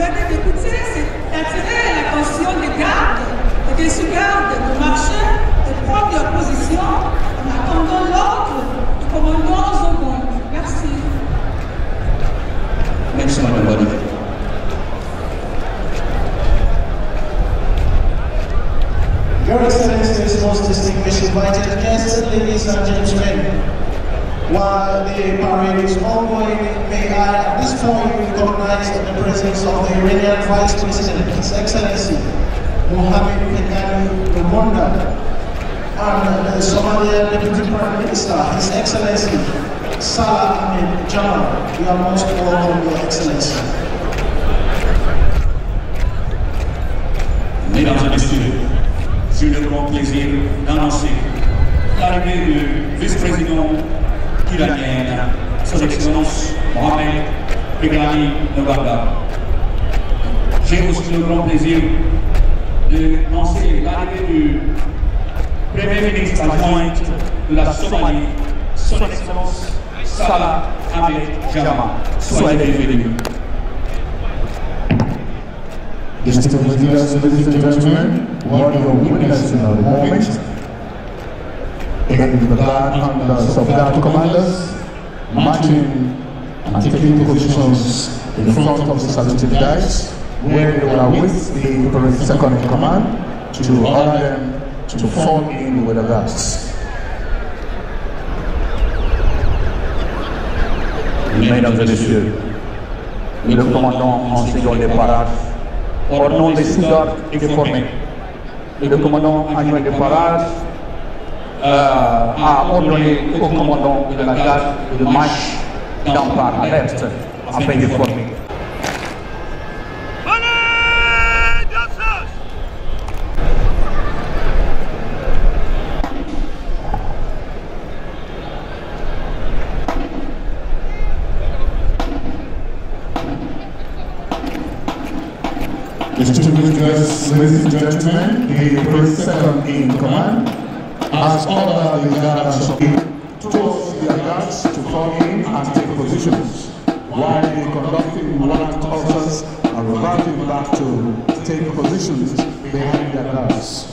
venez d'écouter, c'est la l'attention des gardes et des sous-gardes de marcher, de prendre leur position en attendant l'ordre du commandant second. Merci. Merci, Madame Bonivet. Your Excellency's most distinguished invited guests, ladies and gentlemen. While the parade is ongoing, may I at this point recognize the presence of the Iranian Vice President, His Excellency Mohammed Kekani Rwanda, and the Somalian Deputy Prime Minister, His Excellency Salah Ahmed Jamal. You are most welcome, Your Excellency. Mesdames et Messieurs, j'ai le grand plaisir d'annoncer l'arrivée du vice-président son excellence Mohamed J'ai aussi le grand plaisir de lancer l'arrivée du Premier ministre adjoint de la Somalie, son excellence Salah Jama. Soyez bienvenus headed the commanders, marching and taking positions in front of the saluted guys, where they will with the second in command to order them to fall in with the guards. Mesdames et Messieurs, le commandant en second des au Le commandant des euh, a ordonné au commandant de la garde de marche dans par alerte afin de former. Distinguished ladies and gentlemen, the second in command, as other Ugandan submit towards their guards to come in and take positions while they conducting warrant officers are reverting back to take positions behind their guards.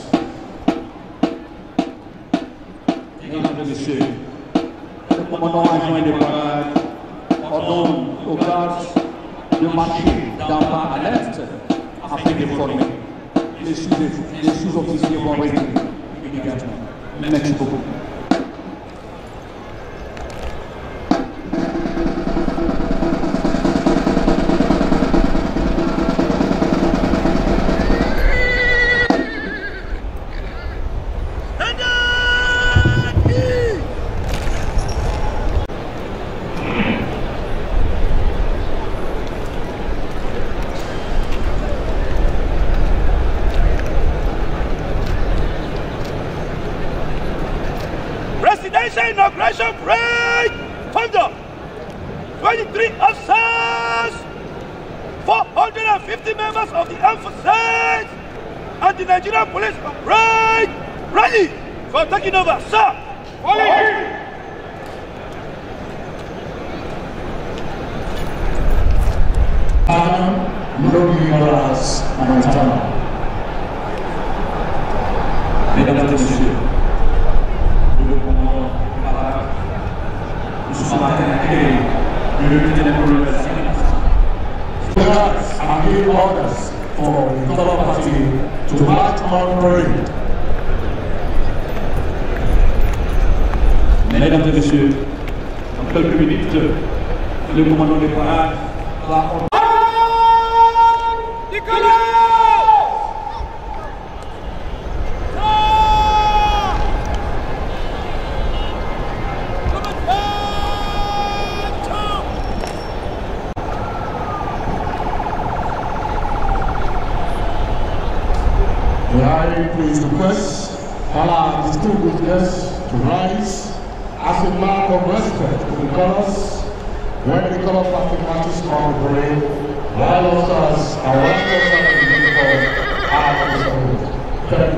ordonne aux gardes de marcher d'un pas à l'est afin de former les sous-officiers sous vont réunir Merci beaucoup. presidential inauguration parade thunder. 23 officers, 450 members of the armed forces, and the Nigerian police parade ready for taking over. Sir, follow Lord, and Eternal. There are any orders for the Labour Party to march on parade. Mesdames et messieurs, en quelques minutes, le commandant des parades va To guests to rise as a mark of respect to the colors when the color party matches on the parade, while officers and us officers in uniform are to salute. Thank you.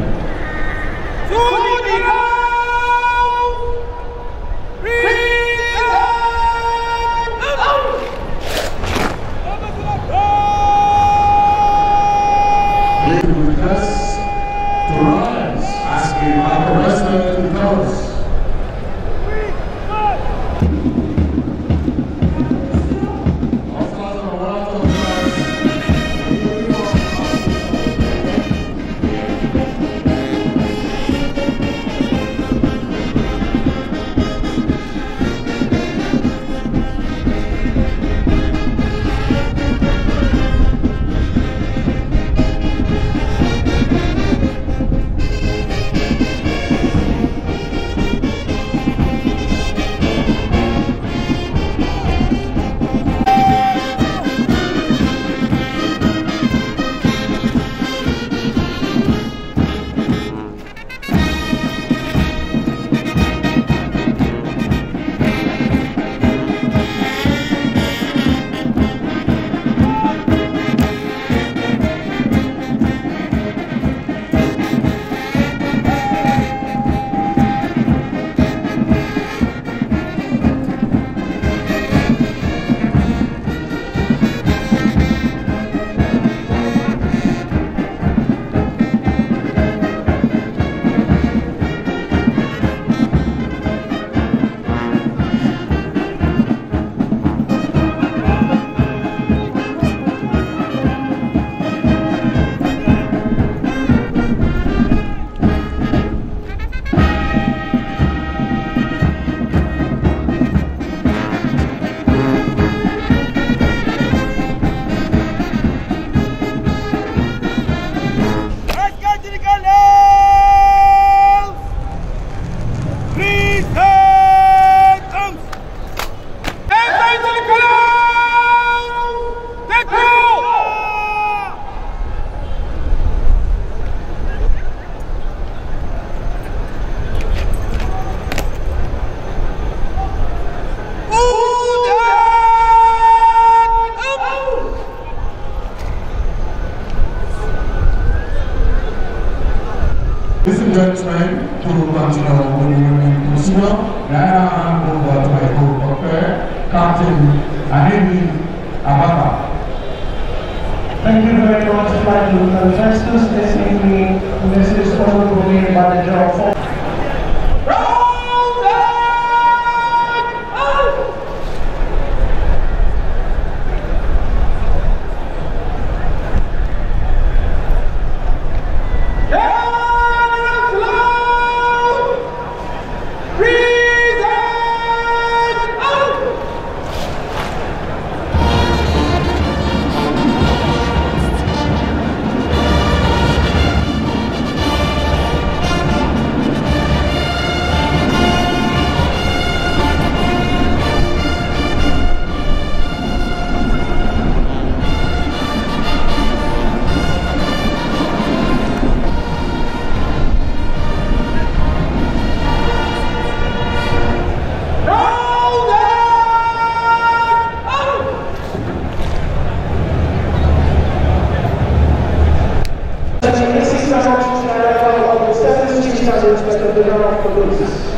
Thank you very much, for The first is basically this is all by the job. para todos.